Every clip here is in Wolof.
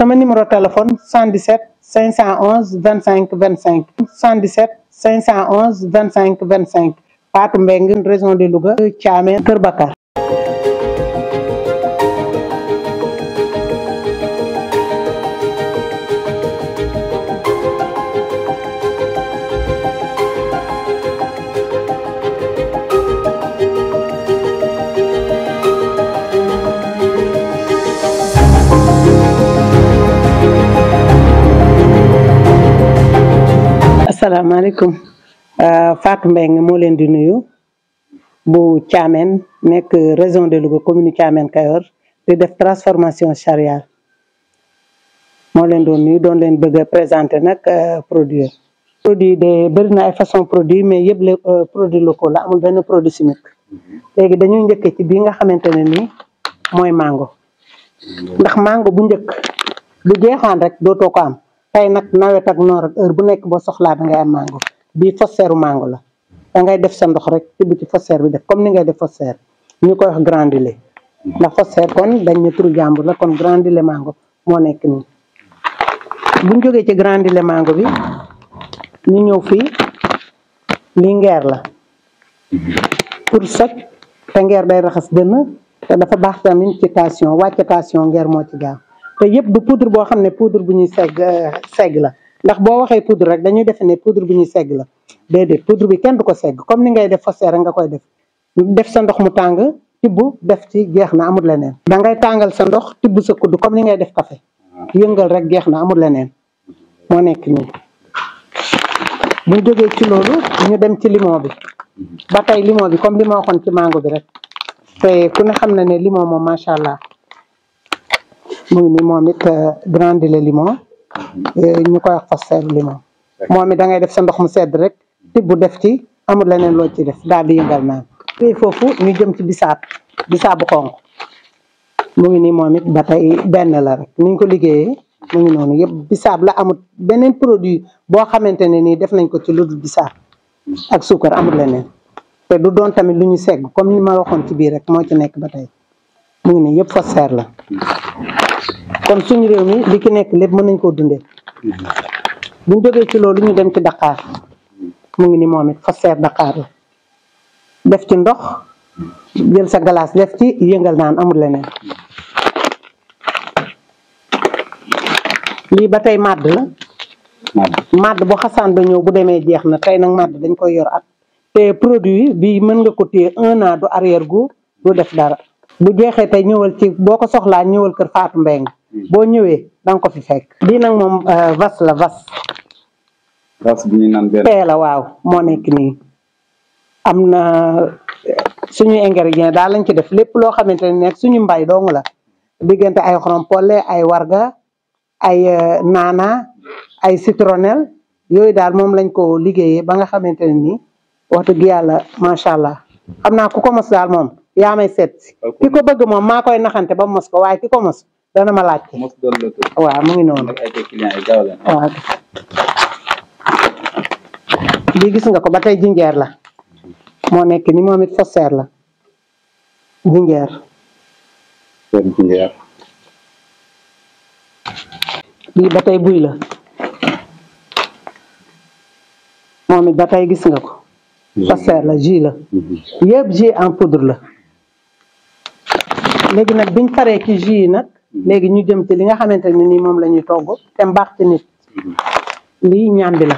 sama numéro téléphone 77 511 25 25 cinq vingt cinq 25 Fatou Mbengue région de Louga Thiamène Kër Bakar salaamaaleykum euh, Fatou mbeng mo len di nuyu bu chamen nek région de Louga commune Thiamène Kayor di def transformation céréale mo len do nuyu don len beug présenter nak euh, produit produit de bëri na ay façon produit mais yeb le euh, produit local la amul ben produit chimique léegi dañu njëkk ci bi nga xamantene ni moy mango ndax mango bu ñëk lu jeexaan rek dootoo ko am tey nag nawet ak noor ak heure bu nekk boo soxlaa da ngay am mango bii faussaire mango la da ngay def sa ndox rek tibb ci faussaire bi def comme ni ngay def faussaire ñu koy wax grandulé ndax faussaire kon dañ ne turu jàmbur la kon grandulé mango moo nekk nii. bu ñu jógee ci grandulé mango bi ñu ñëw fii lii ngeer la pour soj te ngeer day raxas dënn te dafa baax tamit ci tension wàcc tension ngeer moo ci gaa te yëpp du poudre boo xam ne poudre bu ñuy segg euh, segg la ndax boo waxee poudre rek dañuy defe ne poudre bu ñuy segg la déedéet poudre bi kenn du ko segg comme ni ngay def faussaire nga koy def def sa ndox mu tàng tibb def ci jeex na amul leneen da ngay tàngal sa ndox tibb sa kudd comme ni ngay def kafe yëngal rek jeex na amul leneen moo nekk nii bu ñu jógee ci loolu ñu dem ci limon bi ba tey limon bi comme li ma waxoon ci mango bi rek te ku ne xam na ne limon moom macha allah muy ni momit eh, moom it brandy le limon ñu koy wax fasseer limon momi da ngay def sa ndox mu sedd rek tibb def ci amul leneen lo ci def dal di yengal naan fi fofu ñu jëm ci bisab bisab xonq muy ni momit batay benn la rek ni ñu ko liggéey muy nonu yeb bisab la amul benen produit bo xamantene ni def nañ ko ci lu bisab ak suukar amul leneen té du doon tamit luñu ségg comme ni ma waxon ci bi rek moo ci nek batay muy ni yeb nii la kon suñu réew mi li ki nek lepp mënañ ko dundé buñu buñ ci loolu ñu dem ci Dakar mu ngi ni momit fa faseer Dakar def ci ndox jël sa glace def ci yëngal naan amul leneen li batay mad la mad bo xasaan ba bu démé jeex na tay nak mad dañ koy yor at te produit bi mën nga ko té un an du arrière goût du def dara bu jeexé tay ñëwal ci boko soxla soxlaa kër fatou Mbeng boo ñëwee da nga ko fi fekk. lii nag moom euh, vas la vas. vas la waaw moo nekk nii am na euh, suñuy ingrédients daal lañ ci def lépp loo xamante ne nekk suñu mbay dong la diggante ay xorompole ay warga ay euh, naana ay citronnelle yooyu daal moom lañ ko liggéeyee ba nga xamante ne nii wax dëgg yàlla macha allah xam naa ku ko mos daal moom yaa may ki ko bëgg moom maa koy naxante ba mos ko waaye ki ko mos. dana ma laajte. mos doon mu ngi noonu. waaw. bii gis nga ko ba tey jingeer la moo nekk ni moom it faussaire la jinjeer. seen jinjeer. bii ba tey buy la moomit ba tey gis nga ko. faussaire la jus la. yëpp jus en poudre la. léegi nag biñ paree ci jus nag. léegi ñu jëm ci li nga xamanteni ni mom lañuy togo té mbax ci nit ñambi la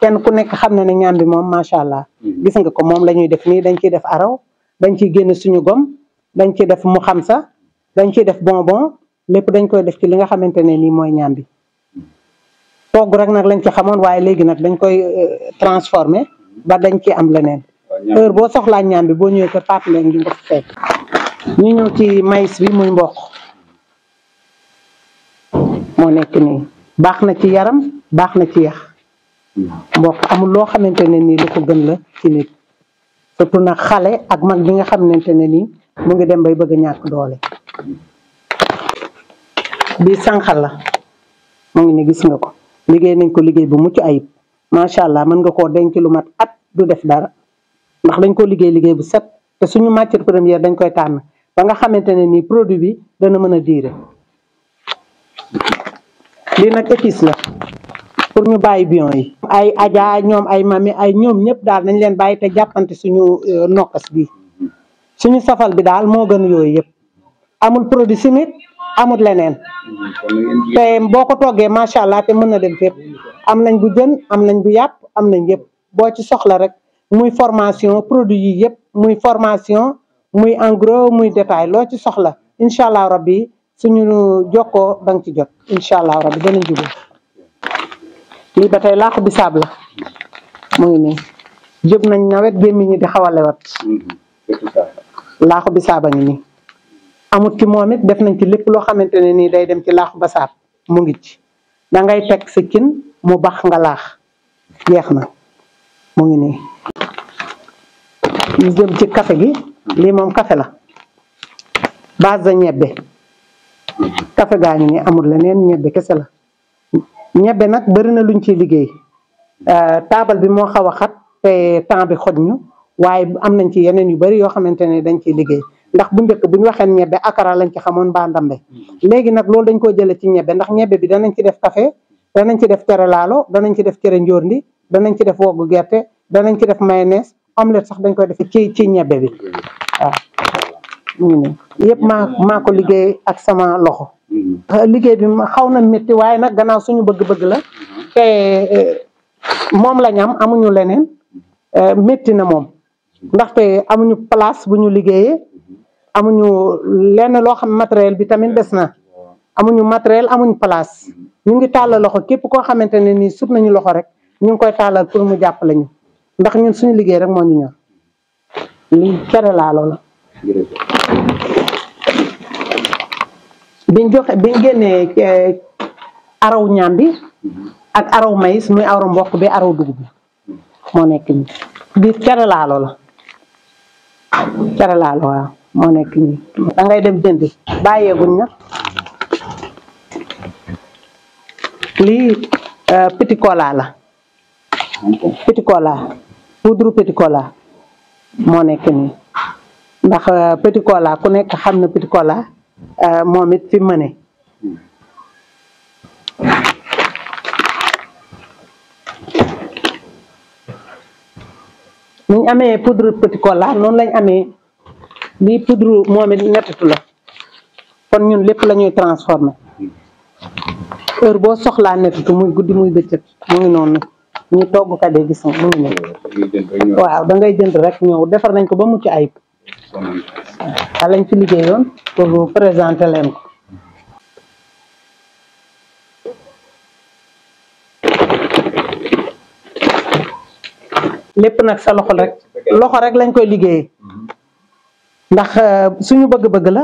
kenn ku nekk xamna ni ne ñambi ma macha allah mm-hmm. gis nga ko mom lañuy def ni dañ ci def araw dañ ci génn suñu gom dañ ci def mu xam sa dañ ci def bonbon lepp dañ koy def ci li nga xamanteni ni moy mooy ñambi togu rek nak lañ ci xamone waye léegi nak dañ koy euh, transformer ba dañ ci am leneen heure bo soxla ñambi boo ñëwee kër papi leen di fekk ñu ñëw ci maïs bi muy mbokk nek ni baax na ci yaram baax na ci yah mbokk amul lo xamantene ni lu ko gën la ci nit surtout nag xalé ak mag bi nga xamantene ni mu ngi dem bay bëgg ñak doole bi la mu ngi ne gis nga ko liggey nañ ko liggey bu muccu ayib sha allah man nga ko denc lu mat at du def dara ndax dañ ko liggey liggey bu set te suñu matière première dañ koy tan ba nga xamantene ni produit bi dana mëna lii nag épice la pour ñu bàyyi bion yi ay aja ñoom ay mami ay ñoom ñëpp daal nañ leen bàyyi te jàppante suñu euh, nokkas bi suñu safal bi daal moo gën yooyu yëpp amul produit chimique amul leneen te boo ko toogee macha allah te mën na dem fépp am nañ bu jën am nañ bu yàpp am nañ yëpp boo ci soxla rek muy formation produit yi yëpp muy formation muy en muy détail loo ci soxla incha allah rabbi suñu Joko dang ci jot inshallah allah rabbi danañ jubal li batay laq laax bisaab la mu ngi nii jub nañ nawet ni di xawale wat lewat laaxu bisaaba ni amut ci momit def nañ ci lepp lo xamantene ni day dem ci laaxu basaab mo ngi ci da ngay tek sa kin mu bax nga laq jeexna mo ngi ni ñu dem ci kafe gi li mom kafe la base de ñebbe kafe gaa ngi nii amul leneen ñebbe kese la ñebbe nag bëri na luñ ciy liggéey euh, taabal bi moo xaw a xat te temps bi xoj ñu waaye am nañ ci yeneen yu bari yoo xamante ne dañ ciy liggéey ndax bu njëkk bu ñu waxee ñebbe akara lañ ci xamoon mbaa ndambe léegi nag loolu dañ ko jëlee ci ñebbe ndax ñebbe bi danañ ci def café danañ ci def cere laalo danañ ci def cere njóorndi danañ ci def woggu gerte danañ ci def mayonnaise omelette sax dañ koy def ci ci ñebbe bi waaw yëpp maa maa ko liggéey ak sama loxo. Mm-hmm. Euh, liggéey bi xaw na métti waaye nag gannaaw suñu bëgg-bëgg la mm-hmm. te euh, moom la ñu am amuñu leneen mm-hmm. euh, métti na moom ndaxte amuñu place bu ñu liggéeyee amuñu lenn loo xam matériel bi tamit des na amuñu matériel amuñu place ñu ngi tàllal loxo képp koo xamante nii sut nañu loxo rek ñu ngi koy tàllal pour mu jàpp lañu ndax ñun suñu liggéey rek moo ñu ñor lii tere laa loola. biñ joxe biñ génnee eh, araw ñaam bi ak araw maïs muy araw mboq bi araw dugub bi moo nekk nii biir cere laalo la cere laalo waaw moo nekk nii da dem jëndi bàyyeeguñ na lii eh, petit cola la petit cola poudre petit moo nekk nii ndax euh, petikola ku nekk xam na Petit Cola euh, moom it fi mëne ñu amee poudre Petit Cola noonu lañ amee lii poudre moom it ñettitu la kon ñun lépp la ñuy transformé heure boo soxlaa nettitu muy guddi muy bëccëg mu ngi noonu ñu toggkat yi gis nga mu ngi noonu waaw da ngay jënd rek ñëw defar nañ ko ba mucc ayib a lañ fi liggéeyoon pour présenter leen ko lépp nag sa loxo rek loxo rek lañ koy liggéey ndax euh, suñu bëgg-bëgg la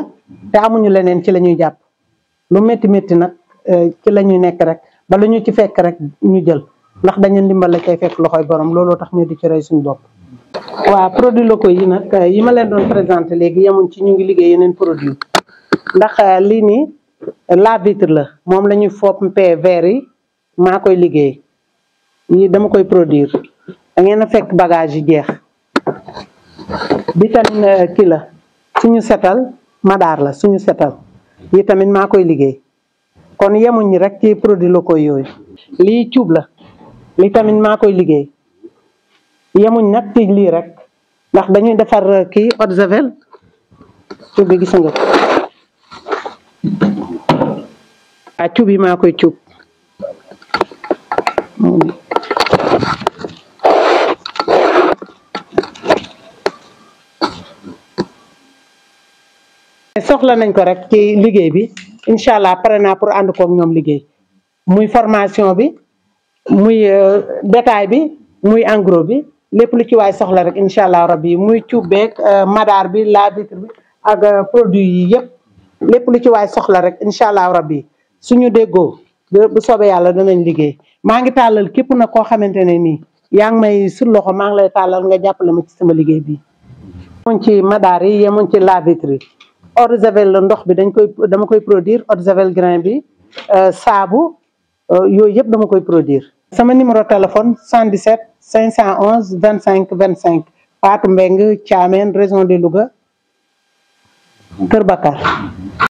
te amuñu leneen ci la ñuy jàpp lu metti métti nag euh, ci la ñuy nekk rek ba lu ñu ci fekk rek ñu jël ndax dañu ndimbal la cay fekk loxoy borom looloo tax ñu di ci rey suñ bopp waaw produits locaux yi nag yi ma leen doon présenté léegi yemuñ ci ñu ngi liggéey yeneen produit ndax euh, lii nii la vitre la moom la ñuy fompee verre yi maa koy liggéey yi dama koy produire da ngeen a fekk bagage yi jeex bi tamit euh, kii la suñu setal madar la suñu setal yi tamit maa koy liggéey kon yemuñ rek ci produits locaux yooyu li cuub la li tamit maa koy liggéey yemuñ nag ci lii rek ndax dañuy defar euh, kii eau javel cuub bi nga ko ah maa koy cuub soxla nañ ko rek ci liggéey bi incha allah pare naa pour ànd koog ñoom liggéey muy formation bi muy euh, détail bi muy engros bi lépp lu ci waay soxla rek incha allah rabbi muy cuubeeg euh, madaar bi la vitre bi ak euh, produit yi yëpp lépp lu ci waay soxla rek incha allah rabbi suñu déggoo bu soobee yàlla danañ liggéey maa ngi tàllal képp na koo xamante ne nii yaa ngi may sur loxo maa ngi lay tàllal nga jàppale ma ci sama liggéey bi yemuñ ci madaar yi ngi ci la vitre yi eau de javel la ndox bi dañ koy dama koy produire eau javel grain bi euh, saabu yooyu yëpp dama koy produire sama numéro téléphone 77 511 25 25 Fatou Mbengue Thiamène région de Louga Kër